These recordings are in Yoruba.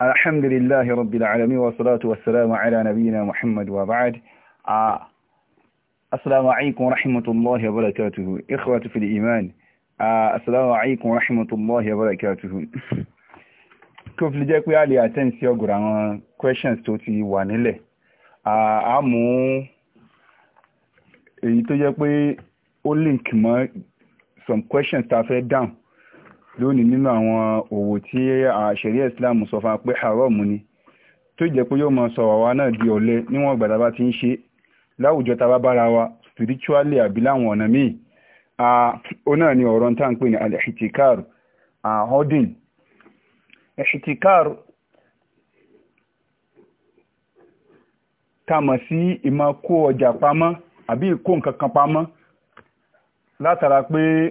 alhamdulillahi rabbil alamin wa salatu wa salamu ala nabiyyina muhammad wa ba'd assalamu alaikum wa rahmatullahi wa barakatuhu ikhwatu fil iman assalamu alaikum wa rahmatullahi wa barakatuhu tó fi jẹ́ pé a attend sí ọgùrọ̀ àwọn questions tó ti wà nílẹ̀ a mú èyí tó jẹ́ pé ó link mọ́ some questions ta fẹ́ down lónìí nínú àwọn òwò tí àṣẹ̀rí islam sọ fún pé haram ni tó jẹ́ pé yóò máa sọ àwa náà di ọ̀lẹ níwọ̀n ìgbà ti ń ṣe láwùjọ tábá bára wa spiritually àbí láwọn ọ̀nà míì ó náà ni ọ̀rọ̀ tá à ń pè ní al-ihtikar hoarding ihtikar a mọ̀ sí ìmọ̀ kó ọjà pamọ́ àbí ìkó nǹkan kan pamọ́ látara pé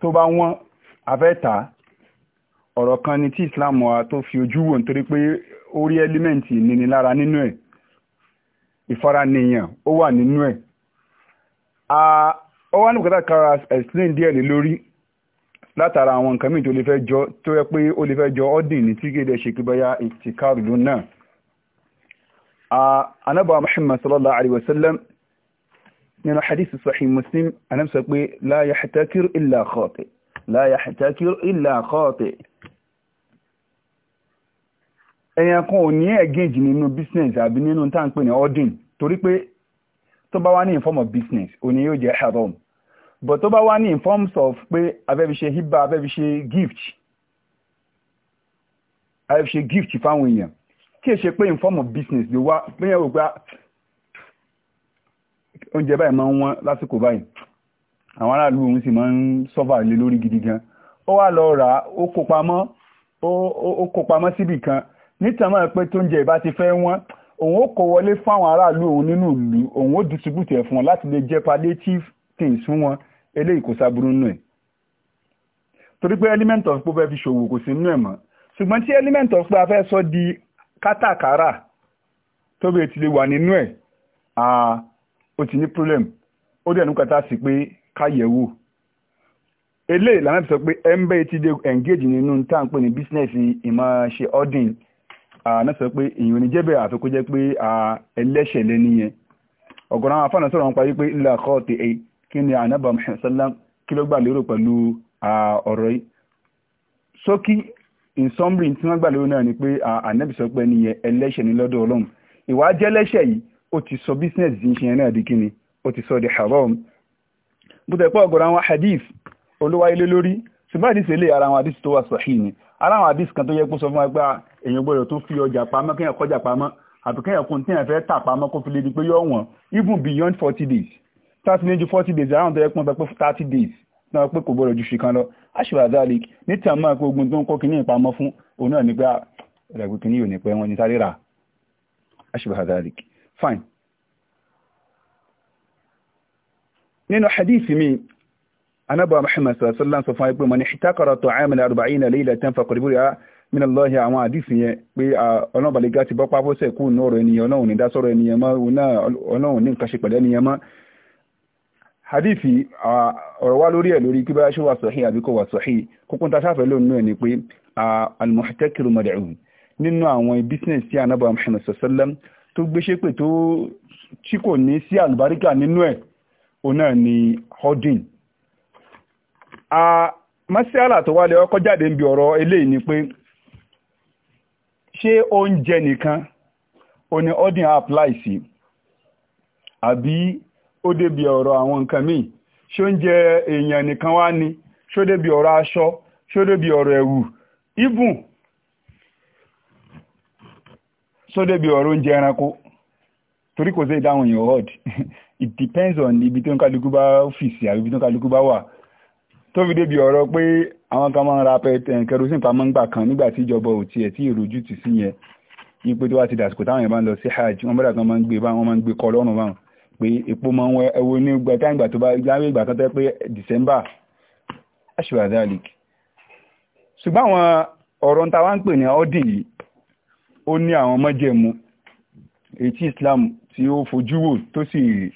tó bá wọ́n afẹ́ta ọ̀rọ̀ kan ni tí islam wa tó fi ojú wò nítorí pé ó rí ẹ́límẹ́ǹtì ìnínilára nínú ẹ̀ ìfaranìyàn ó wà nínú ẹ̀ ó wá ní bùkátà kára explain díẹ̀ lé lórí látara àwọn nǹkan míì tó lè fẹ́ jọ tó yẹ pé ó lè fẹ́ jọ ọ́dìn ní tí kéde ṣe kíbọ́yá ìtìkárùlú náà anábà Muhammad sallallahu alaihi wasallam nínú hadith sahih Muslim anábà sọ pé la yahtakir illa khati' la yahtakiru illa khati èèyàn kan ò ní engage nínú business àbí nínú tá ní ordin torí pé tó bá wá ní in form of business òní yóò jẹ́ haram but tó bá wá ní in forms of pé abẹ́fiṣe hiba abẹ́fiṣe gift abẹ́fiṣe gift fáwọn èèyàn kí è ṣe pé in form of business ló wá péyàn rò pé oúnjẹ báyìí máa ń wọ́n lásìkò báyìí àwọn aráàlú òun sì máa ń sọ́fà lé lórí gidi gan ó wá lọ rà ó kó pamọ́ ó kó pamọ́ síbì kan nítorí pé tó ń jẹ ìbá ti fẹ́ wọ́n òun ó kó wọlé fáwọn aráàlú òun nínú ìlú òun ó distribute ẹ̀ fún wọn láti lè jẹ́ palliative things fún wọn eléyìí kò sábúrú nù ẹ̀ torí pé element of pé fi ṣòwò kò sí nù ẹ̀ mọ́ ṣùgbọ́n tí element of pé a fẹ́ sọ di kátàkárà tó ti lè wà nínú ẹ̀ ó ti ní problem ó dẹ̀ nù kàtà sí pé káyẹ̀wò ele làwọn sọ pé ti dé engage nínú tá à ń pè ní business sọ pé ìyẹn pé ẹlẹ́ṣẹ̀ àwọn sọ̀rọ̀ ńlá ẹ̀ kí ni ànábà Muhammad sallam kí ló gbà lérò pẹ̀lú ọ̀rọ̀ yìí sókí in summary tí wọ́n gbà lérò náà ni pé ànábì sọ pé ẹni ẹlẹ́ṣẹ̀ lọ́dọ̀ ọlọ́run ìwà ti sọ business bùtẹ̀pọ̀ ọ̀gọ̀rọ̀ àwọn hadith olówó ilé lórí ṣùgbọ́n àdìsí ilé ara àwọn àdìsí tó wà sahih ni ara àwọn àdìsí kan tó yẹ kó sọ fún wa pé èèyàn gbọ́dọ̀ tó fi ọjà pamọ́ kéèyàn kọjá pamọ́ àbí kéèyàn kún tí èèyàn fẹ́ tà pamọ́ kó fi lè di pé yọ wọ̀n even beyond forty days thirty ní ju forty days around tó yẹ kó sọ pé thirty days náà pé kò gbọ́dọ̀ ju ṣì kan lọ aṣèwádàlì níta máa pé ogun tó ń kọ́ kínní ìpamọ́ fún òun náà nígbà ah, rẹ̀ pé kínní yóò ní pẹ́ wọn ní sáré rà aṣèwádàlì fine nínú hadith mi anábọ̀ Muhammad sallallahu alaihi wasallam sọ fún ẹgbẹ́ mọ̀ ní ìtàkọ̀rọ̀ tó àmì àrùbáyìn náà léyìí lẹ́tẹ̀ fàkọ̀rìbúrì mínà lọ́ọ̀hìn àwọn hadith yẹn pé ọlọ́ọ̀bàlẹ́gá ti bọ́ pápọ́sẹ̀ kú ní ọ̀rọ̀ ènìyàn ọlọ́run ní dásọ̀rọ̀ ènìyàn mọ́ ọlọ́run ní nǹkan ṣe pẹ̀lẹ́ ènìyàn mọ́ hadith ọ̀rọ̀ wá lórí ẹ̀ lórí kí bá ṣe wà sọ̀hí òun náà ni hodin a masiala tó wálé ọkọ jáde ń bi ọ̀rọ̀ eléyìí ni pé ṣé oúnjẹ nìkan ó ní hodin apply sí àbí ó débi ọ̀rọ̀ àwọn nǹkan míì ṣé oúnjẹ èèyàn nìkan wá ni ṣó débi ọ̀rọ̀ aṣọ ṣó débi ọ̀rọ̀ ẹ̀wù ibùn ṣó débi ọ̀rọ̀ oúnjẹ ẹranko torí kò sí ìdáhùn yìí ọ̀họ́dì it depends on ibi tó ń kálukú bá fìsì àbí ibi tó ń kálukú bá wà tó fi débi ọ̀rọ̀ pé àwọn kan máa ń ra eh, kerosene pamọ́ ńgbà kan nígbà tí ìjọba ò tiẹ̀ tí èròjú ti sí yẹn yín pé tó wá ti dàsìkò táwọn yẹn bá ń lọ sí hajj wọn bọ́dà kan máa ń gbé báwọn máa ń gbé kọ lọ́rùn báwọn pé epo máa ń wọ ẹwo ní gbẹ táìgbà tó bá láwé ìgbà kan tẹ́ pé December ashura dalek ṣùgbọ́n àwọn ọ̀rọ̀ ta wá ń pè ní ọ́dìn yìí ó ní àwọn mọ́jẹ̀mú èyí tí Islam tí ó fojú wò tó sì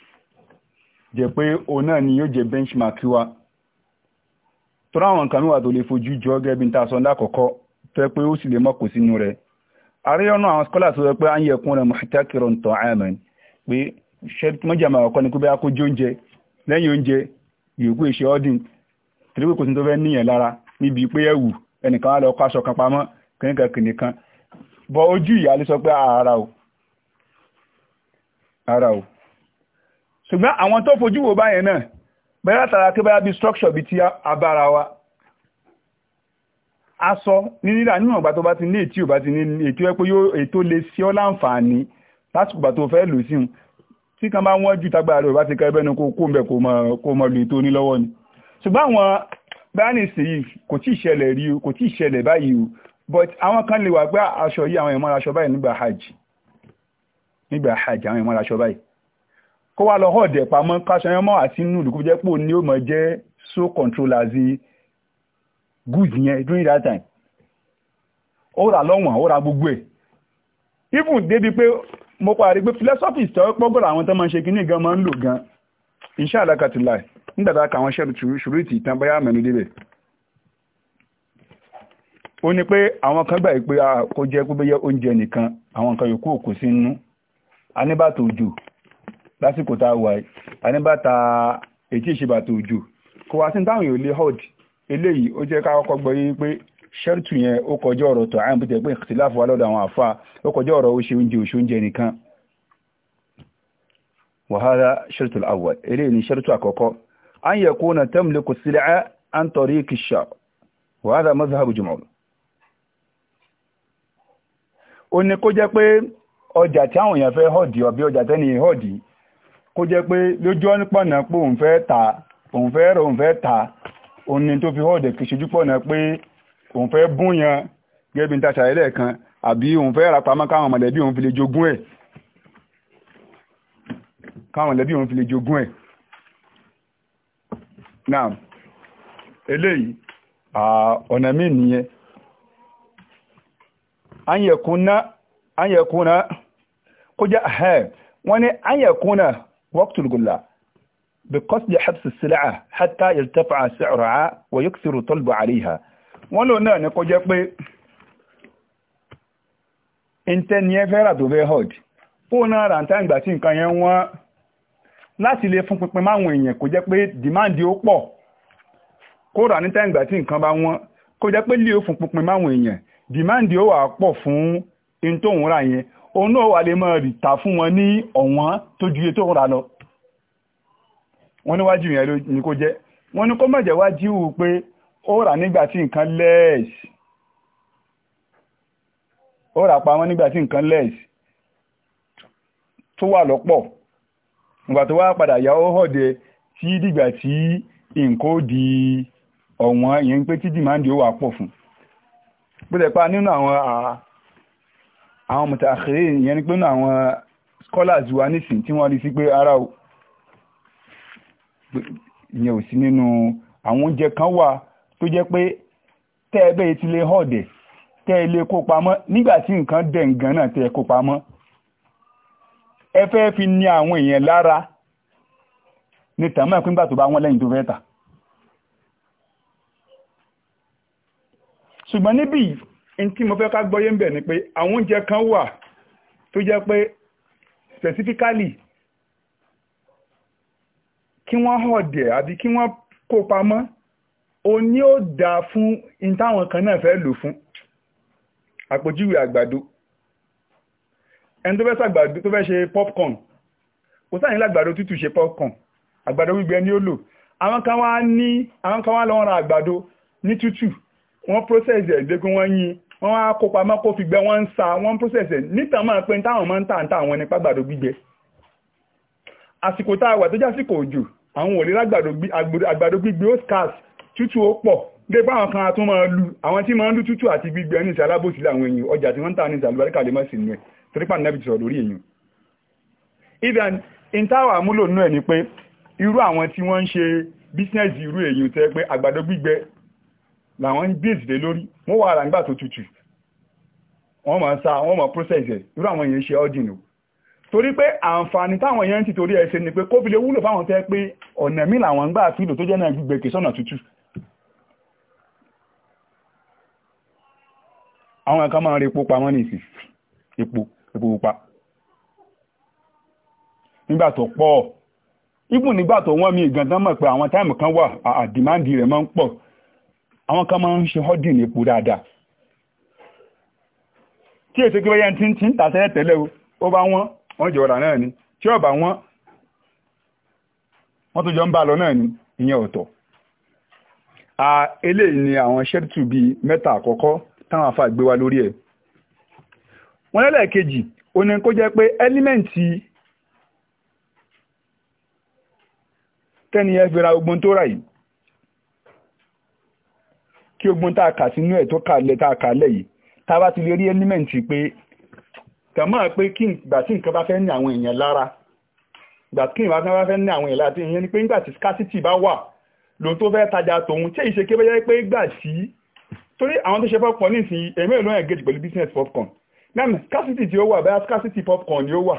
jẹ́ pé òun náà ni yóò benchmark wa tọ́rọ àwọn nǹkan mìíràn tó lè fojú jọ gẹ́gẹ́ bí n ta sọ lákọ̀ọ́kọ́ tó yẹ pé ó sì lè mọ́ kò sínú rẹ̀ àríyànnú àwọn scholars sọ pé à ń yẹ kún rẹ̀ muhtakiran ta'aman pé mọ́jà máa kọ́ ni pé bá kó oúnjẹ lẹ́yìn oúnjẹ yòókù ìṣe ọ́dìn torí pé kò kan pamọ́ kìnìkan kìnìkan bọ ojú ara o ṣùgbọ́n àwọn tó fojú wò báyẹn náà bẹ́rẹ̀ tara kí bá bí structure bí ti abára wa aṣọ ní nílà nínú ọ̀gbà tó bá ti ní ètí ò bá ti ní ètí ẹ pé yóò ètò lè ṣe ọ́ láǹfààní lásìkò ìgbà fẹ́ lò sí un tí kan bá wọ́n ju tágbára rẹ̀ bá ti kẹ́rẹ́ bẹ́nu kó ń bẹ̀ kó mọ lu ètò onílọ́wọ́ ni ṣùgbọ́n àwọn báyìísì yìí kò tí ì ṣẹlẹ̀ rí o kò tí ì ṣẹlẹ̀ báyìí o but àwọn kan lè wà pé aṣọ yìí àwọn èèyàn mọ́ra aṣọ báyìí nígbà hajj nígbà hajj àwọn èèyàn aṣọ báyìí kó wá lọ họ̀dẹ̀ pamọ́ káṣọyán mọ́ àti inú ìlú kó jẹ́ pò ní ó mọ̀ jẹ́ so control as a goods yẹn during that time ó rà lọ́wọ́n ó ra gbogbo ẹ̀ even débi pé mo parí pé philosophy tọ́ pọ́gọ́rọ̀ àwọn tó máa ń ṣe kíní gan máa ń lò gan iṣẹ́ àlákàtúlà nígbàdá ka àwọn ṣẹ́rù ṣùrù ìtì ìtàn báyà mẹ́nu débẹ̀ ó ní pé àwọn kan gbà pé ah, kó jẹ́ oúnjẹ lásìkò tá a wà yìí àníbàtà ètí oju òjò kò wá sí táwọn èèyàn lè hod eléyìí ó jẹ́ ká pé ṣẹ́rìtù yẹn ó kọjá ọ̀rọ̀ tó àyàn bùtẹ̀ pé ìtìláfù wà lọ́dọ̀ àwọn àfa ó kọjá ọ̀rọ̀ ó ṣe oúnjẹ òṣù oúnjẹ nìkan wàhálà ṣẹ́rìtù àwọ̀ eléyìí ni ṣẹ́rìtù àkọ́kọ́ yẹ kó na kò sílẹ̀ kìṣà wàhálà ó ní kó jẹ́ pé ọjà tí àwọn èèyàn fẹ́ ọjà tẹ́ni kó jẹ́ pé lójú ọ́ nípọ̀nà pé òun fẹ́ ta òun fẹ́ rẹ̀ òun fẹ́ ta òun ni tó fi họ́ọ̀dẹ̀ kì í ṣojú pọ̀nà pé òun fẹ́ bún yan gẹ́gẹ́ bí n ta ṣàlàyé lẹ́ẹ̀kan àbí òun fẹ́ ra pamọ́ káwọn mọ̀lẹ́bí òun fi lè jogún ẹ̀ káwọn mọ̀lẹ́bí òun fi lè jogún ẹ̀ náà eléyìí ọ̀nà míì nìyẹn anyẹ̀kúnná anyẹ̀kúnná kó jẹ́ wọ́n ní anyẹ̀kúnná وقت الغلاء بقصد حبس السلعة حتى يرتفع سعرها ويكثر الطلب عليها wọ́n lò náà ní kó jẹ́ pé intanet yẹn fẹ́rà tó fẹ́ láti lè fún pinpin máwọn èèyàn kó jẹ́ pé dìmáàndì ó pọ̀ kó rà ní ìgbà tí nǹkan bá wọ́n jẹ́ pé lè òun náà wà lè mọ́ rí tà fún wọn ní ọ̀wọ́n tó ju tó ra lọ wọ́n ní ni kó jẹ́ wọ́n ní kó má jẹ́ wájú pé ó rà nígbà tí nǹkan lẹ́ẹ̀sì ó rà pamọ́ nígbà tí nǹkan lẹ́ẹ̀sì tó wà lọ́pọ̀ ìgbà tó wá padà yá ó họ̀dẹ tí dìgbà tí nǹkan ó di ọ̀wọ́n ìyẹn pé tí ó wà pọ̀ fún nínú àwọn mùtàkìrí ìyẹn ni pé ní àwọn scholars wa nísìn tí wọ́n rí sí pé ara ìyẹn ò sí nínú àwọn oúnjẹ kan wà tó jẹ́ pé tẹ́ ẹ bẹ́ẹ̀ ti lè họ̀dẹ̀ tẹ́ ẹ lè kó pamọ́ nígbà tí nǹkan dẹ̀ ń gan náà tẹ́ ẹ kó pamọ́ ẹ fẹ́ fi ní àwọn èèyàn lára ní tàmí ẹ̀kún ìgbà tó bá wọ́n lẹ́yìn tó fẹ́ tà ṣùgbọ́n níbi tí mo fẹ́ ká gbọ́yé ń bẹ̀ ni pé àwọn oúnjẹ kan wà tó jẹ́ pé specifically kí wọ́n họ̀dẹ̀ àbí kí wọ́n kó pamọ́ o ní ó dáa fún in táwọn kan náà fẹ́ lò fún àpòjúwe àgbàdo ẹni tó fẹ́ ṣàgbàdo tó fẹ́ ṣe popcorn kò sáà nílẹ̀ àgbàdo tútù ṣe popcorn àgbàdo gbígbẹ ni ó lò àwọn kan wá ní àwọn kan wá lọ ra àgbàdo ní tútù wọ́n process ẹ̀ gbégun wọ́n yín wọ́n á kó pamọ́ kó fi gbẹ wọ́n ń sa wọ́n ń pọ́sẹ̀sẹ̀ nítàn máa pé táwọn máa ń tà ń tà àwọn nípa gbàdó gbígbẹ àsìkò tá a wà tó jásìkò òjò àwọn ò lágbàdó gbígbẹ ó scarce tútù ó pọ̀ dé bá kan tó máa lu àwọn tí máa ń lu tútù àti gbígbẹ ní ìsàlá bó àwọn èèyàn ọjà tí wọ́n ń tà ní ìsàlùbáríkà lè má sí nù ẹ̀ torípà nàbì sọ̀rọ̀ lórí èèyàn làwọn ń bíèsì lé lórí wọ́n wà rà nígbà tó tutù wọ́n máa sa wọ́n máa process ẹ̀ irú àwọn èèyàn ṣe ọ́dìnù torí pé àǹfààní táwọn èèyàn ti torí ẹ̀ṣẹ̀ ni pé kó fi lè wúlò fáwọn tẹ́ pé ọ̀nà mí làwọn ń gbà fílò tó jẹ́ náà gbígbé kìsọ́nà tútù àwọn ẹ̀kan máa rí epo pamọ́ ní ìsìn epo epo pupa nígbà tó pọ̀ ibùn nígbà tó wọ́n mi ìgàntán mọ̀ pé àwọn táìmù kan wà àdìmáǹdì rẹ̀ máa ń pọ̀ àwọn kan máa ń ṣe họ́dìn ní epo dáadáa tí èsì gbé yẹn tí ń tí ń tàṣẹ́ tẹ́lẹ̀ ó bá wọ́n wọ́n jọ ọ̀rà náà ni tí ó bá wọ́n wọ́n tó jọ ń bá lọ náà ni ìyẹn ọ̀tọ̀ eléyìí ni àwọn ṣẹ́tù bíi mẹ́ta àkọ́kọ́ táwọn afa gbé wa lórí ẹ̀ wọ́n lẹ́lẹ́kejì ó ní kó jẹ́ pé ẹ́límẹ́ǹtì tẹ́ni ẹ fi ra ogun tó rà yìí kí ogun tá a kà sínú ẹ̀ tó kàlẹ̀ tá a kàlẹ̀ yìí tá a bá ti lè rí ẹ́límẹ̀ǹtì pé kàmọ́ pé kí ìgbà tí nǹkan bá fẹ́ ní àwọn èèyàn lára ìgbà tí ìwà bá fẹ́ ní àwọn èèyàn lára ìyẹn ni pé nígbà tí scarcity bá wà lòun tó fẹ́ tajà tòun tí èyí ṣe kí bẹ́jẹ́ pé gbà sí torí àwọn tó ṣe popcorn nísìnyí èmi ìlú engage pẹ̀lú business popcorn náà scarcity tí ó wà bẹ́ẹ̀ scarcity popcorn ni ó wà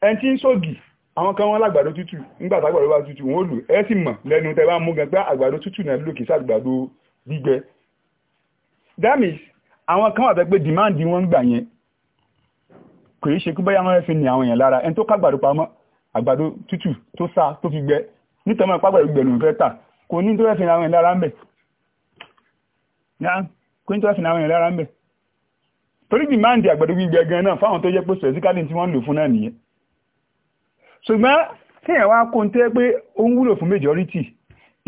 ẹni tí ń ṣògì àwọn kan wọn lágbàdo tútù nígbà tágbàdo bá tútù wọn ò lò ẹ sì mọ̀ lẹ́nu tẹ bá mú gan pé àgbàdo tútù náà lòkè sí àgbàdo gbígbẹ that means àwọn kan wà fẹ́ pé demand wọn gbà yẹn kò yí ṣe kí bóyá wọn fi ní àwọn èèyàn lára ẹni tó kágbàdo pamọ́ àgbàdo tútù tó sá tó fi gbẹ nítorí wọn pàgbàdo gbẹ lòun fẹ́ tà kò ní tó fẹ́ fi ní àwọn èèyàn lára ń bẹ̀ kò ní tó fẹ́ fi ní àwọn èèyàn lára ń bẹ̀ torí demand àgbàdo gbígbẹ gan náà fáwọn tó jẹ́ pé specifically tí wọ́n ń lò fún náà nìyẹn ṣùgbọ́n kéèyàn wá kó ń tẹ́ pé ó ń wúlò fún majority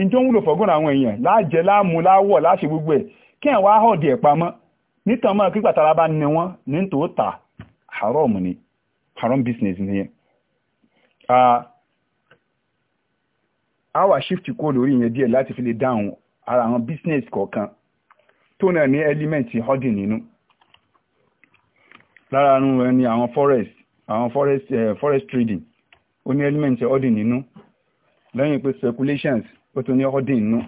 ní tó ń wúlò fọ́gùn àwọn èèyàn láàjẹ láàmú láwọ̀ láṣẹ gbogbo ẹ̀ kí ẹ̀ wá họ̀dì ẹ̀ pamọ́ nítorí mọ́ kí pàtàkì bá ní wọ́n ní tó tà haram ni haram business ni yẹn. a wà shift kó lórí yẹn díẹ̀ láti fi lè dáhùn ara àwọn business kọ̀ọ̀kan tó náà ní element họ̀dì nínú lára nu rẹ̀ ni àwọn forest àwọn forest, uh, forest trading ó ní element họ̀dì nínú lẹ́yìn pé speculations ó tún ní ọ́dì inú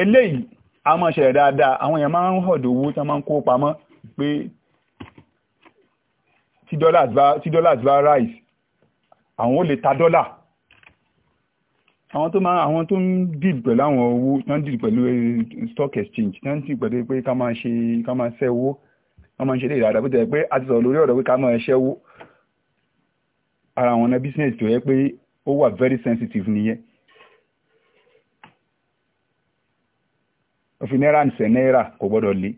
eléyìí a máa ṣẹlẹ̀ dáadáa àwọn èèyàn máa ń họ̀dọ̀ owó tí wọ́n máa ń kó pamọ́ pé tí dọ́là bá rise àwọn ò lè ta dọ́là àwọn tó máa àwọn tó ń deal pẹ̀lú àwọn owó tó ń deal pẹ̀lú eh, stock exchange tó ń deal pẹ̀lú pé ká máa ṣe ká máa ṣẹ́ owó ká máa ṣe lè dáadáa bó tẹ̀ pé a ti sọ̀rọ̀ lórí ọ̀rọ̀ pé ká máa ṣẹ́ owó ara àwọn ọ̀nà business tó yẹ pé ó wà very sensitive nìyẹn ó fi náírà ṣe náírà kò gbọ́dọ̀ lé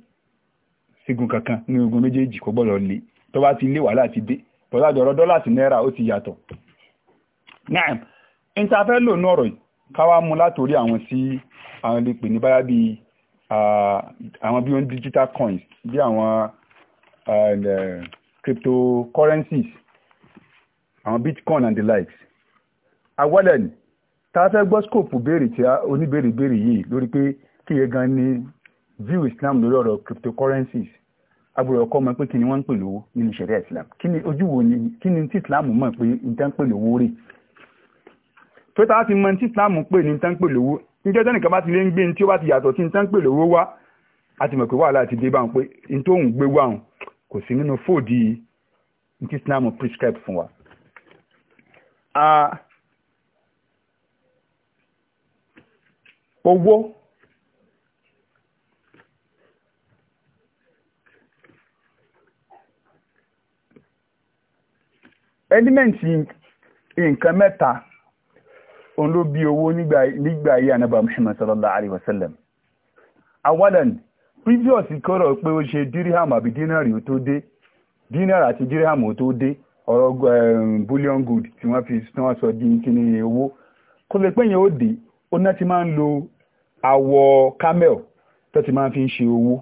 sígun kankan ní ogun méjèèjì kò gbọ́dọ̀ lé tó bá ti lé wàhálà ti dé bọ́lá dọ̀rọ̀ dọ́là sí náírà ó ti yàtọ̀ náà ìntafẹ́ lò ní ọ̀rọ̀ káwá mú látòrí àwọn tí àwọn lè pè ní báyá bí àwọn bí wọ́n digital coins bí àwọn cryptocurrencies àwọn bitcoin and the likes awọ́lẹ̀ ni tá a fẹ́ gbọ́ scope béèrè tí oníbèrè béèrè yìí lórí pé kí yẹ gan ni view islam lórí ọ̀rọ̀ cryptocurrencies agbọ̀rọ̀ ọkọ mọ̀ pé kí ni wọ́n ń pè lówó nínú ìṣẹ̀lẹ̀ islam kí ni ojú wo ni kí ni tí islam mọ̀ pé n tán pè lówó rè tó tá a ti mọ̀ tí islam pè ní tán pè lówó níjẹ́ tẹ́nìkan bá ti lé ń gbé ní tí ó bá ti yàtọ̀ sí ní tán pè lówó wá a ti mọ̀ pé wàhálà ti dé báwọn pé n tó ń gbé wáhùn kò sí nínú fòdì tí islam prescribe fún wa. owó element nke mẹ́ta òun bi owó nígbà ayé anaba Muhammad sallallahu alaihi wasallam awalan previous kọ́rọ̀ pé ó ṣe dirham àbí dinari tó dé dinar àti dirham tó dé ọ̀rọ̀ bullion good tí wọ́n fi tán sọ di kíní owó kó lè pẹ́yìn ó dé ó náà ti máa ń lo àwọ̀ camel tó ti máa fi ń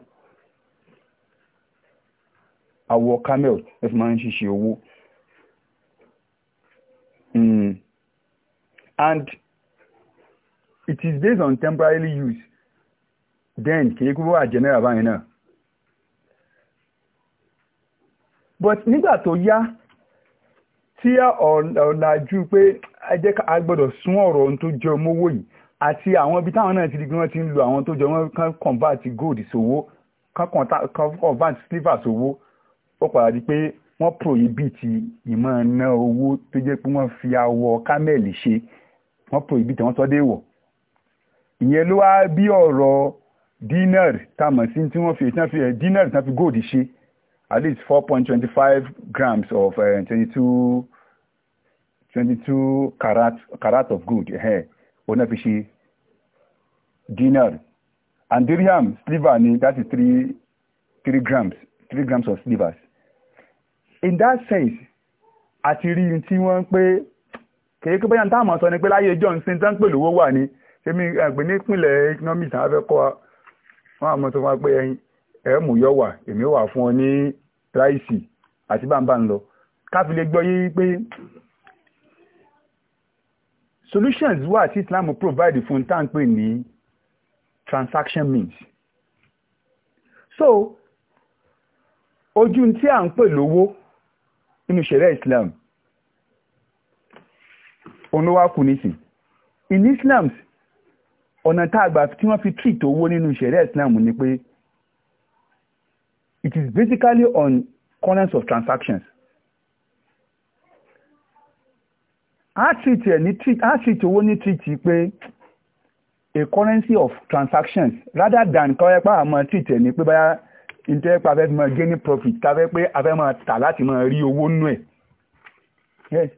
and it is based on temporary use then kì í kúrò wà general báyìí náà but nígbà tó yá tí ọ̀làjú pé ẹjẹ́ a gbọ́dọ̀ sún ọ̀rọ̀ ohun tó jẹ mówó yìí àti àwọn ibi táwọn náà ti di pé wọ́n ti ń lo àwọn tó jẹ wọ́n kàn convert gold sówó kàn convert silver sówó ó padà di pé wọ́n prohibit ìmọ̀ ná owó tó jẹ́ pé wọ́n fi awọ kámẹ́lì ṣe wọ́n prohibit wọ́n sọ dé wọ̀ ìyẹn ló wá bí ọ̀rọ̀ dinar tamọ̀ sí tí wọ́n fi tán fi eh, dinar tán fi gold ṣe at least four point twenty five grams of eh, twenty two twenty two carat of gold eh, òun náà fi ṣe dinar and dirham sliver ni that is three three grams three grams of slivers in that sense àti rí tí wọ́n ń pè kìí pé bóyá táwọn sọ ni pé láyé john sin tán pè lówó wà ní èmi àgbè nípìnlẹ̀ economics àwọn afẹ́kọ́ wọn àmọ́ tó wọn pé ẹ̀ẹ́mù yọ wà èmi wà fún ọ ní ráìsì àti bàbá ń lọ káfí lè gbọ́ yí pé solutions wà tí Islam provide fún táǹpé ní transaction means so ojú tí à ń pè lówó nínú ṣẹ̀rẹ́ Islam òun ló wá kù nísìn in Islam ọ̀nà tá a gbà tí wọ́n fi treat owó nínú ìṣẹ̀rẹ́ Islam ni pé it is basically on currents of transactions. a treat ẹ̀ ní treat a treat owó ní treat pé a currency of transactions rather than kọ́yẹ́ pa àmọ́ treat ẹ̀ ní pé báyà nítorí pé fi máa gain profit tá a fẹ́ pé a fẹ́ máa tà láti máa rí owó nú ẹ̀. yes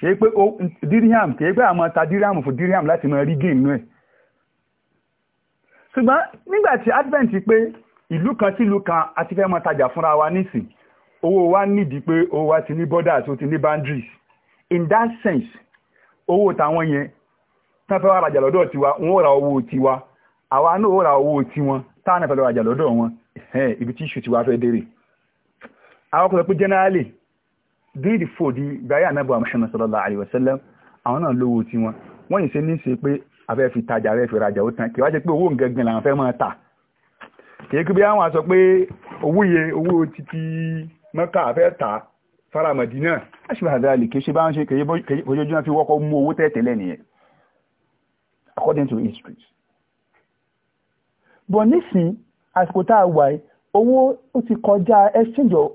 ṣe pé dirham kì í pé àmọ́ ta dirham fún dirham láti mọ rí gain nú ẹ̀ ṣùgbọ́n nígbà tí advent pé ìlú kan sí ìlú kan a fẹ́ mọ tajà fúnra wa nísìn owó wa nídìí pé owó wa ti ní borders ó ti ní boundaries in that sense owó táwọn yẹn tán fẹ́ wá rajà lọ́dọ̀ tiwa wọ́n ra owó tiwa àwa náà ó ra owó tiwọn táwọn náà fẹ́ lọ rajà lọ́dọ̀ wọn ibi tí ìṣù tiwa fẹ́ dérè àwọn kan sọ pé generally déèdì fòdì gbáyé ànábì Muhammad sallallahu alaihi wasallam àwọn náà lówó tí wọn wọ́n yìí ṣe ní ṣe pé afẹ́ fi tajà afẹ́ fi rajà ó tán kì wá jẹ́ pé owó nǹkan gbìn làwọn fẹ́ máa tà kìí kí bí àwọn àṣọ pé owó yẹ owó títí mọ́kà afẹ́ tà fara Mádínà aṣèwà àdáàlì kìí ṣe bá ń ṣe kìí ojoojúmọ́ fi wọ́kọ́ mú owó tẹ́tẹ̀lẹ̀ nìyẹn according to history bọ̀ nísìn àsìkò tá a wà owó ó ti kọjá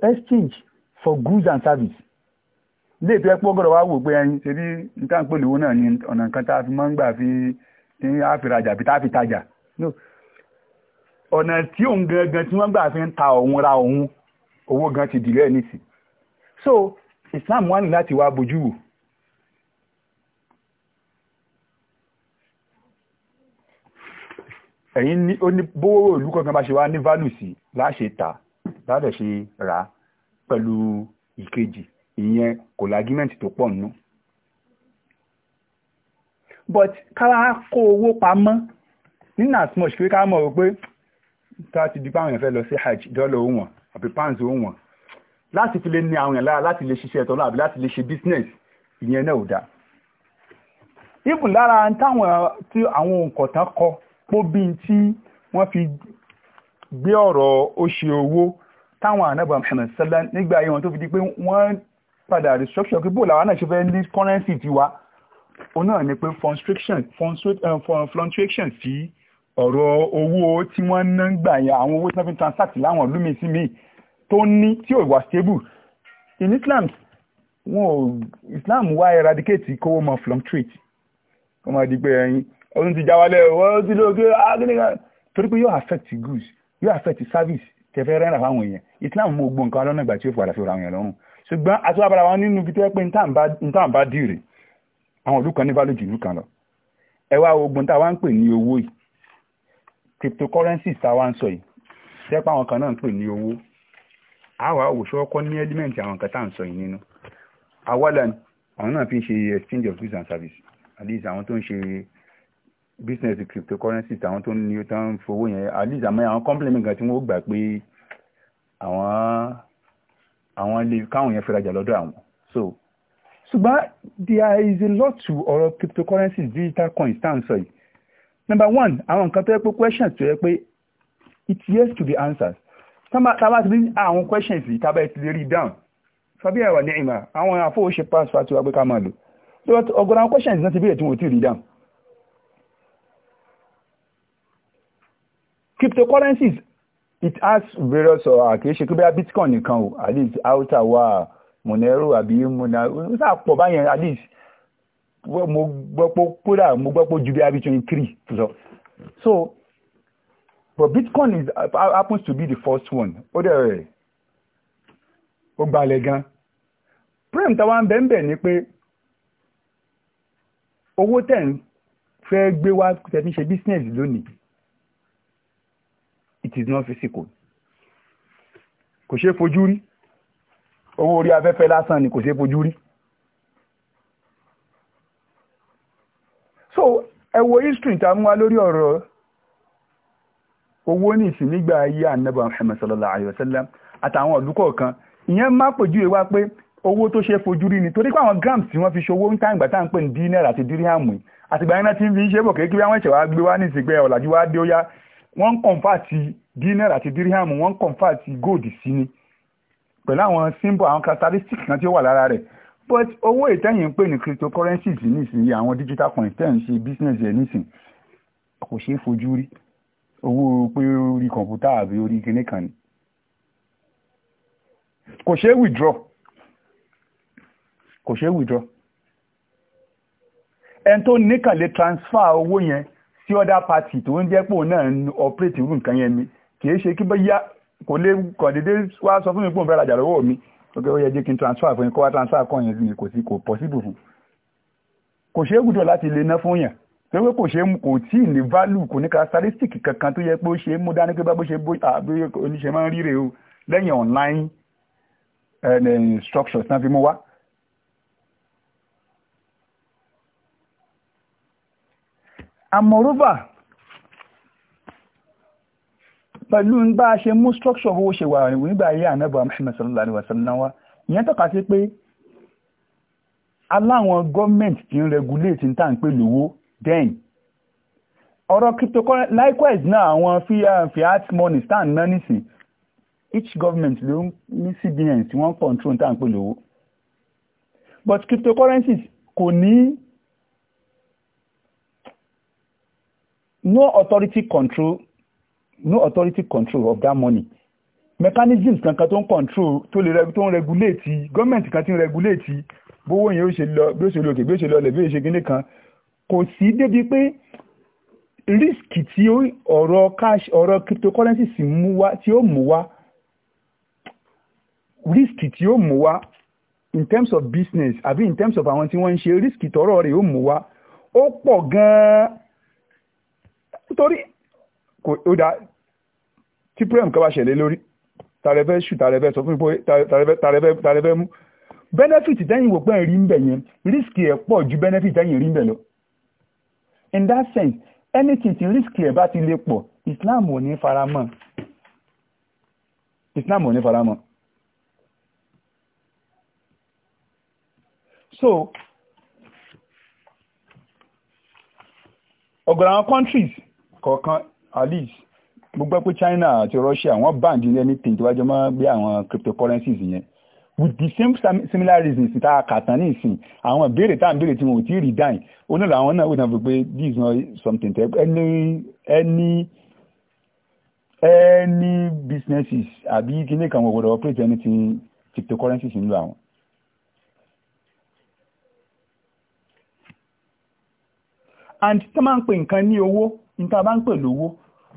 exchange for goods and service ilé ìtọ́ ẹ̀pọ̀ gbọ́dọ̀ wá wò pé ẹyin ṣe bí nǹkan pè lówó náà ni ọ̀nà nǹkan tá a fi máa ń gbà fi ní àfìrajà àbí tá a fi tajà ọ̀nà tí òun gangan tí wọ́n gbà fi ń ta òun ra òun owó gan ti dìlẹ́ nìsí so Islam wà ní láti wá bójú wò ẹ̀yin ní bówó ìlú kankan bá ṣe wá ní value sí láṣẹ tà láṣẹ ṣe rà á pẹ̀lú ìkejì ìyẹn kò lágímẹ̀ntì tó pọ̀ nù. but káwá kó owó pamọ́ nínú àtúmọ̀ṣe pé ká mọ̀ wò pé tá a ti di páwọn èèyàn fẹ́ lọ sí hajj dọ́là ó wọ̀n àbí pounds ó wọ̀n láti fi lè ní àwọn èèyàn lára láti lè ṣiṣẹ́ ẹ̀tọ́ láàbí láti lè ṣe business ìyẹn náà ò dáa. ibùn lára táwọn tí àwọn òǹkọ̀tàn kọ pó bíi tí wọ́n fi gbé ọ̀rọ̀ ó ṣe owó táwọn ànábà Muhammad sẹ́lá nígbà yẹn wọn tó fi di pé wọ́n padà restriction pé bóòlù àwọn náà ṣe fẹ́ ní currency tiwa òun náà ni pé fluctuation eh, sí ọ̀rọ̀ owó tí wọ́n ná ń gbà yẹn àwọn owó tí wọ́n fi transact láwọn ìlú mi sí mi tó ní tí ò wà stable in Islam wọn ò Islam wá eradicate kówó mọ fluctuate wọ́n máa di pé ẹyin ọdún ti já wálẹ̀ wọ́n ti lóògbé ah, ágínníkan torí pé yóò affect goods yóò affect service tẹfẹ́ rẹ́rà fáwọn èèyàn islam mú gbogbo nǹkan lọ́nà ìgbà tí ó padà fi ra àwọn èèyàn lọ́rùn ṣùgbọ́n àti wàá padà wọn nínú ibi tó yẹ pé ntàn bá dìrì àwọn ìlú kan ní value jù ìlú kan lọ ẹ wá ogun tá a wá ń pè ní owó yìí cryptocurrencies tá a wá ń sọ yìí tẹ́pẹ́ àwọn kan náà ń pè ní owó àwa òṣù ọkọ ní ẹ́límẹ̀ntì àwọn kan tá à ń sọ yìí nínú awọ́lẹ̀ àwọn náà fi ń ṣe exchange of goods and services àdéhùn àwọn tó ń ṣe business cryptocurrency tàwọn tó ní ó tán fowó yẹn at least àmọ́ àwọn compliment kan tí wọ́n gbà pé àwọn àwọn lè káwọn yẹn fẹ́ lọ́dọ̀ àwọn so ṣùgbọ́n there is a lot to ọ̀rọ̀ cryptocurrencies digital coins tá à ń sọ yìí number one àwọn nǹkan tó yẹ pé questions tó yẹ pé it yes to the answers. tábà ti rí àwọn questions yìí tábà ti lè rí down fàbí ẹ̀wà ní ìmọ̀ àwọn àfọwọ́ṣe pass fatiwa pé ká máa lò ọgọ́rọ̀ àwọn questions náà ti bẹ̀rẹ̀ tí wọ́n rí down cryptocurrencies it has various ọ̀rọ̀ uh, kì í ṣe pé bí bitcoin nìkan o at least alta wà monero àbí muna ó sà pọ̀ báyẹn at least mo gbọ́ pé kódà mo gbọ́ pé ju bí i twenty three so so but bitcoin is happens to be the first one ó dẹ̀ rẹ̀ ó gbalẹ̀ gan prem táwa ń bẹ́ẹ̀ bẹ́ẹ̀ ni pé owó tẹ̀ ń fẹ́ gbé wá tẹ̀ fi ṣe business lónìí it is not physical kò ṣeé fojú rí owó orí afẹ́fẹ́ lásán ni kò ṣeé fojú rí so ẹ wo history tá a mú wa lórí ọ̀rọ̀ owó ní ìsìn nígbà ayé ànábì Muhammad sallallahu alayhi wa sallam àtàwọn ìlú kọ̀ọ̀kan ìyẹn má pèjúwe wá pé owó tó ṣe fojú rí ni torí pé àwọn grams tí wọ́n fi ṣòwò ń táǹgbà tá à ń pè ní dínẹ́rà àti díríhàmù àtìgbà yẹn náà ti ń fi ṣe bò kékeré àwọn ìṣẹ̀wá gbé wá ní ìsìgbẹ́ ọ̀làjú wá dé ó yá wọ́n ń kọ̀ǹfà ti dinar àti dirham wọ́n convert gold sí ni pẹ̀lú àwọn symbol àwọn characteristic kan tí ó wà lára rẹ̀ but owó ìtẹ̀yìn ń pè ní cryptocurrencies nísìnyí àwọn digital coins tẹ̀ ń ṣe business ẹ̀ nísìn kò ṣeé fojú rí owó pé orí kọ̀ǹpútà àbí orí kinní kan ni kò ṣeé withdraw kò ṣeé withdraw ẹn tó níkànlé transfer owó yẹn sí other party tó ń jẹ́ pò náà operate irú nǹkan yẹn ni kìí ṣe kí bóyá kò lè kàn déédéé wá sọ fún mi pé òun fẹ́ rajà lọ́wọ́ mi ok ó yẹ jẹ́ kí n transfer fún yín kó wá transfer kàn yín ni kò sí kò possible fún kò ṣeé gùdọ̀ láti lè ná fún yàn pé pé kò ṣe kò tí ì ní value kò ní characteristic kankan tó yẹ pé ó ṣe mú dání pé bá bó ṣe bó àbí oníṣe máa ń ríre o lẹ́yìn online structures náà fi mú wá. and pẹ̀lú bá a ṣe mú structure owó ṣe wà nígbà ayé ànábà Muhammad sallallahu alaihi wasallam wa ìyẹn tọ́ka sí pé aláwọn gọ́ọ̀mẹ̀ntì ti ń regulate ní tàǹpé lówó then ọ̀rọ̀ cryptocurrency likewise náà àwọn uh, fiat money stand náà nìsín each government ló ní cbn tí wọ́n control ní tàǹpé lówó but cryptocurrencies kò ní no authority control no authority control of that money mechanisms kankan tó ń control tó lè tó ń regulate gọ́ọ̀mẹ̀ntì kan ti ń regulate bówó yẹn ó ṣe lọ bí ó ṣe lọ òkè bí ó ṣe lọ ọlẹ̀ bí ó ṣe gíní kan kò sí débi pé risk tí ọ̀rọ̀ cash ọ̀rọ̀ cryptocurrency sì mú wá tí ó mú wá risk tí ó mú wá in terms of business àbí in terms of àwọn tí wọ́n ń ṣe risk tọ́rọ̀ rẹ̀ ó mú wá ó pọ̀ gan-an nítorí ó dá tí prem kan bá ṣẹlẹ̀ lórí tààrẹ fẹ́ ṣù tààrẹ fẹ́ sọ fún mi pé tààrẹ fẹ́ mú benefit tẹ́yìn wò pé rí ń yẹn risk ẹ̀ pọ̀ ju benefit tẹ́yìn rí ń lọ. in that sense anything tí risk ẹ̀ bá ti lè pọ̀ Islam ò ní faramọ́ Islam ò ní faramọ́. so ọ̀gọ̀rọ̀ àwọn countries kọ̀ọ̀kan at least mo gbọ́ pé China àti Russia wọ́n banned ní anything tó bá jọ mọ́ bí àwọn cryptocurrencies yẹn with the same similar reasons tá a kà tán ní ìsìn àwọn ìbéèrè tá à ń béèrè tí wọn ò tí ì rí dáìn ó náà làwọn náà wò náà fi pé this is not something tẹ any any any businesses àbí kíní kan wọ́n gbọ́dọ̀ operate anything cryptocurrencies ń lò àwọn. and tí wọ́n máa ń pè nǹkan ní owó nǹkan bá ń pè lówó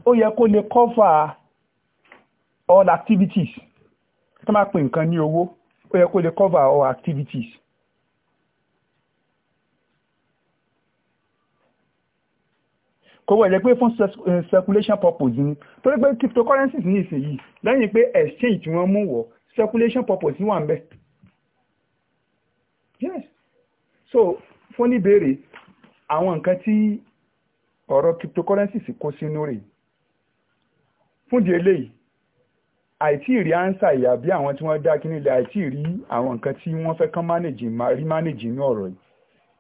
ó yẹ kó lè cover all activities tó máa pè nǹkan ní owó ó yẹ kó lè cover all activities. kò wọ́n jẹ́ pé fún eh, circulation purpose ni torí pé cryptocurrencies ní ìsinyìí lẹ́yìn pé exchange tí wọ́n mú wọ̀ circulation purpose wà ń bẹ̀. yes so fún níbèrè àwọn nǹkan tí ọ̀rọ̀ cryptocurrencies kó sínú rèé fún di eléyìí àìtí ìrí ánsà ìyà bí àwọn tí wọ́n dá kíní ilẹ̀ àìtí ìrí àwọn nǹkan tí wọ́n fẹ́ kán mánéjì rí mánéjì ní ọ̀rọ̀ yìí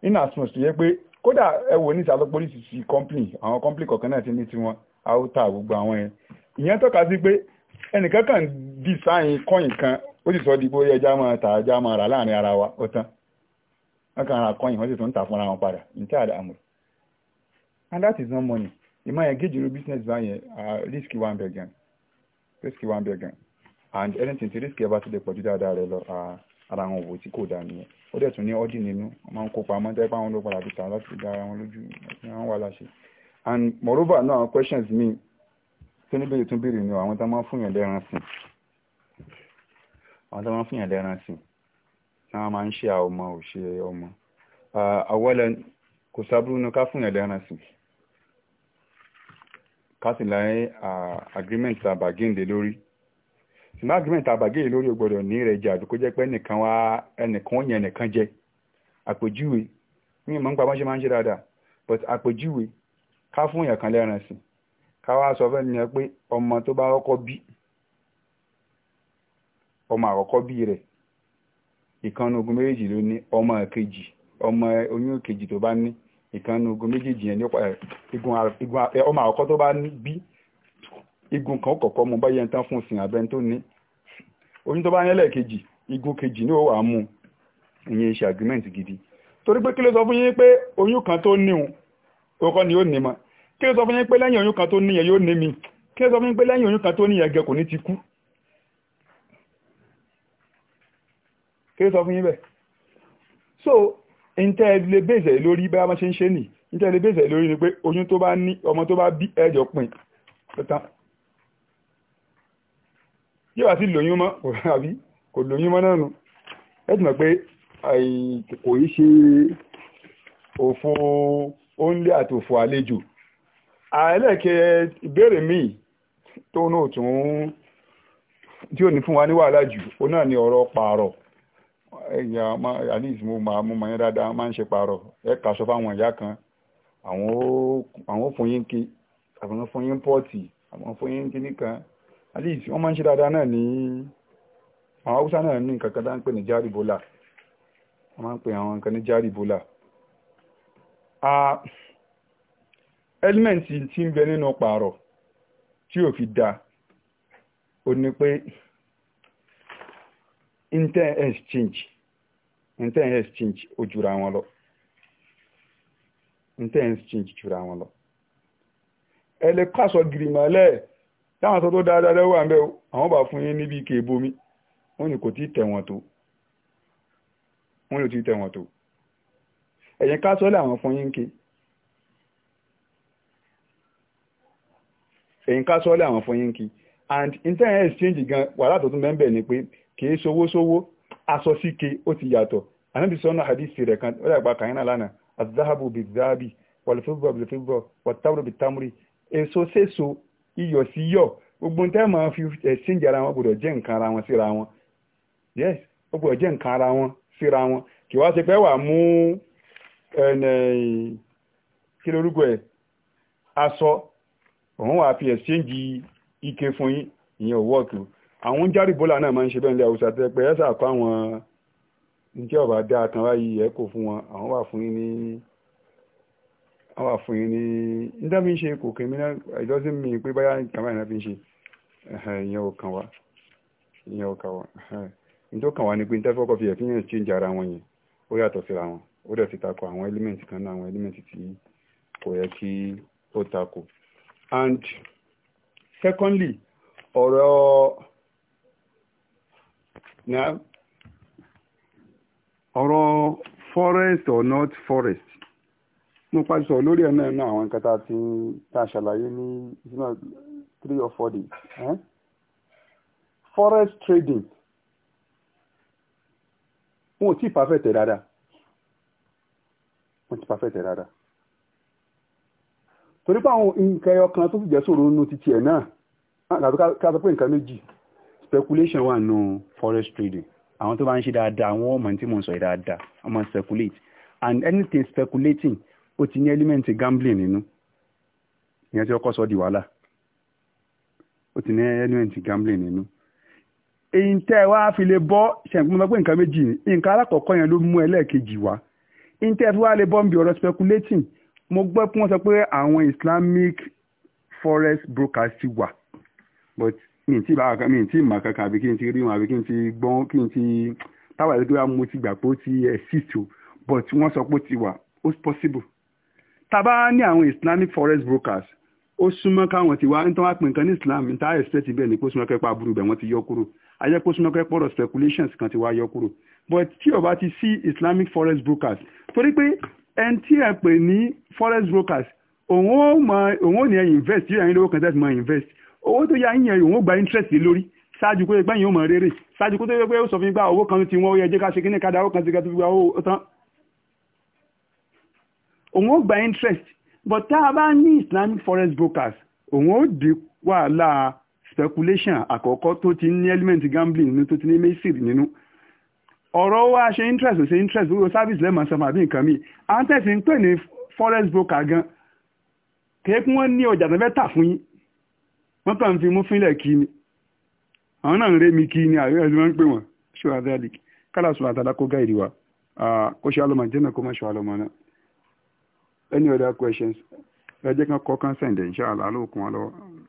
in as tó yẹ pé kódà ẹ wò ní ìsàlọ́ polisi ti company àwọn company kọ̀ọ̀kan náà ti ní tiwọn áútà gbogbo àwọn yẹn ìyẹn tọ́ka sí pé ẹnìkan kàn dì sáyìn kọ́yìn kan ó sì sọ di bóyá ẹja máa tà ẹja máa rà láàrin ara wa ó tán wọ́n kàn ra kọ́yìn wọ́n sì tún ń fúnra wọn padà ní tí and that is not money ìmọ̀ yẹn gíjì irú business bá yẹn uh, risk wà ń bẹ̀ gan risk wà ń bẹ̀ and anything tí risk yẹn bá ti lè pọ̀jù dáadáa rẹ lọ ara wọn wò tí kò dáa nìyẹn ó dẹ̀ tún ní ọ́dì nínú máa ń kópa mọ́ tẹ́pẹ́ àwọn olóòpàdà ti tà láti dá ara lójú ẹ̀sìn àwọn wà láṣẹ and moreover náà àwọn questions mi tó níbèrè tún béèrè ni àwọn tá máa ń fún yàn lẹ́ran sìn àwọn tó máa ń fún yàn lẹ́ran sí tí wọ́n máa ń ṣe àwọn ọmọ òṣè ọmọ uh, àwọ́lẹ̀ kò sábúrú ní ká fún yàn lẹ́ran sí ká sì láyé agreement àbàgéǹde lórí ṣùgbọ́n agreement àbàgéǹde lórí ó gbọ́dọ̀ ní ìrẹ̀jẹ̀ àdúgbò jẹ́ pé ẹnìkan wá ẹnìkan yẹn ẹnìkan jẹ àpèjúwe ní ìmọ̀ nípa bọ́n máa ń ṣe dáadáa but àpèjúwe ká fún èèyàn kan lẹ́ran sí ká wá sọ fẹ́ nìyẹn pé ọmọ tó bá kọ́kọ́ bí ọmọ àkọ́kọ́ bí rẹ̀ ìkànnì ogun méjèèjì ló ní ọmọ kejì ọmọ oyún kejì tó bá ní ìkànnì ogun méjèèjì yẹn nípa eh, igun eh, ọmọ àkọ́kọ́ tó bá bí igun kan kọ̀kọ́ mu báyẹn tán fún ìsìn abẹ́ni tó ní oyún tó bá yẹn lẹ́ẹ̀kejì igun kejì ní òwà mú ìyẹn ṣe agreement gidi torí pé kí ló sọ fún yín pé oyún kan tó níhun ọkọ ni ó ní mọ kí ló sọ fún yín pé lẹ́yìn oyún kan tó níyẹn yóò ní mi kí ló sọ fún yín pé lẹ́yìn oyún kan tó níyẹn gẹ kò ní ti kú kí ló sọ fún yín bẹ́ẹ̀ so ntẹ́ lè bèèzẹ̀ lórí bá wọ́n ṣe ń ṣe nì ntẹ́ lè bèèzẹ̀ lórí ni pé oyún tó bá ní ọmọ tó bá bí ẹjọ́ pin tán yóò wá sí lóyún mọ́ àbí kò lóyún mọ́ náà nù ẹ ti mọ̀ pé kò í ṣe òfò oúnjẹ àti òfò àlejò àìlẹ́kẹ̀ ìbéèrè míì tó náà tún tí ò ní fún wa ní wàhálà jù ó náà ní ọ̀rọ̀ pààrọ̀ ẹ̀yà ọmọ alice mo máa mú mọ̀ yín dáadáa máa ń ṣe pààrọ̀ ẹ kàṣọ fáwọn ìyá kan àwọn fún yín ké àwọn fún yín pọ́ọ̀tì àwọn fún yín kíní kan alice wọ́n máa ń ṣe dáadáa náà ní àwọn haúsá náà ní nǹkan kan tá ń pè ní jari bola wọ́n máa ń pè àwọn nǹkan ní jari bola. ẹlímẹ̀ntì tí ń bẹ nínú pààrọ̀ tí ò fi dáa ó ní pé inter exchange inter jura wọn lọ ẹlẹ exchange jura ẹ táwọn aṣọ tó dáadáa wà ń bẹ àwọn bá fún yín níbi ike ìbomi wọn ni kò tí ì tó wọn ni kò tí tó àwọn fún yín ké àwọn fún yín ké and internet gan wàhálà tó tún kì í ṣowó ṣowó aṣọ síke ó ti yàtọ̀ anábì sọ́nà hadith rẹ̀ kan ó dàgbà kàyínà lánàá azahabu bi zahabi wàlúfẹ́bọ̀ bìlúfẹ́bọ̀ wàtàwùrọ̀ bi tamuri èso sèso iyọ̀ sí yọ̀ gbogbo ń tẹ́ máa fi ẹ̀sìn jara wọn gbọdọ̀ jẹ́ nǹkan ara wọn síra wọn yes ó gbọdọ̀ jẹ́ nǹkan ara wọn síra wọn kì wá ṣe pé wà mú kí lórúkọ ẹ̀ aṣọ òun wà fi ẹ̀sìn jí ike fún yín ìyẹn ò wọ́ọ̀kì àwọn járí bọ́là náà máa ń ṣe bẹ́ẹ̀ ní àwùsà tẹ́ pé ẹ́sà kọ́ àwọn njẹ́ ọ̀bà dá àtàn báyìí ẹ̀ kò fún wọn àwọn wà fún yín ní àwọn wà fún yín ní níta fi ń ṣe kò kìí ìjọsìn mi pé báyà kàmá ìrìnà fi ń ṣe ìyẹn ò kàn wá ìyẹn ò kàn wá ní tó kàn wá ni pé níta fọ́kọ̀ fi ẹ̀fín yẹn change ara wọn yẹn ó yàtọ̀ síra wọn ó dẹ̀ ti takò àwọn element kan náà àwọn element tí kò yẹ kí ó takò and secondly ọ̀rọ̀ náà ọ̀rọ̀ forest or not forest mo pàṣẹ sọ lórí ẹ̀ náà náà àwọn nǹkan tá a ti tá a ṣàlàyé ní three or four days eh? forest trading wọn ò tí ì pàfẹ́ tẹ̀ dáadáa wọ́n ti pàfẹ́ tẹ̀ dáadáa torí pé àwọn nǹkan ẹyọ kan tó sì jẹ́ sòro nínú títí náà ká sọ pé nǹkan méjì speculation wà nù Forest trading àwọn tó bá ń ṣe dáadáa àwọn ọmọ tí mo ń sọ yìí dáadáa wọ́n máa speculate and anything speculating ó ti ní element gambling nínú ìyẹn tí ọkọ sọ di wàhálà ó ti ní element gambling nínú èyí tẹ́ ẹ wá fi lè bọ́ ṣẹ̀ǹkú mọ́ pé nǹkan méjì ni nǹkan alákọ̀ọ́kọ́ yẹn ló mú ẹlẹ́ẹ̀kejì wá èyí tẹ́ ẹ fi wá lè bọ́ níbi ọ̀rọ̀ speculating mo gbọ́ pé wọ́n sọ pé àwọn Islamic forest brokers ti wà but mi ti bá mi ti mà kankan àbí kí n ti rí wọn àbí kí n ti gbọ́n kí n ti táwa ìlú wa mo ti gbà pé ó ti exist o but wọ́n sọ pé ó ti wà ó possible tàbá ní àwọn islamic forest brokers ó súnmọ́ káwọn ti wá ń tán pè nǹkan ní islam ní tá expect bẹ́ẹ̀ ni kó súnmọ́ kẹ́pà burú bẹ̀ wọ́n ti yọ kúrò ajẹ́ kó súnmọ́ kẹ́pà ọ̀rọ̀ speculations kan ti wá yọ kúrò but tí o bá ti sí islamic forest brokers torí pé ẹni tí ẹ pè ní forest brokers òun ò ní ẹ invest yóò yàn ní lówó kan tẹ́sí invest owó tó yá yíyan ìwọ̀n gba interest lórí ṣáájú kó pé yín ó mọ̀ rere ṣáájú kó tó pé sọ fún gba ah, owó kan ti wọ́n ó yẹ jẹ́ ká ṣe kíní kadà owó kan ti ga tó fi owó tán. òun ó gba interest but tá a bá ní Islamic forex brokers òun ó di wàhálà speculation àkọ́kọ́ tó ti ní element gambling nínú tó ti ní mesir nínú ọ̀rọ̀ wa ṣe interest ṣe interest owó service lẹ́mọ̀ sọmọ àbí nǹkan míì àwọn tẹ̀sí ń pè ní forex broker gan kéékùn wọn ní ọjà tó fẹ́ tà fún yín wọ́n kàn fi mú fínlẹ̀ kí ni àwọn náà ń rémi kí ni àríwá ẹni wọ́n ń pè wọ́n ṣó adalik kálá sùn àtàlà kó kó ṣe alọ́mọ jẹ́nà kó any other questions ẹ jẹ́ kán kọ́ kán sẹ̀ǹdẹ̀ ala alóòkun wa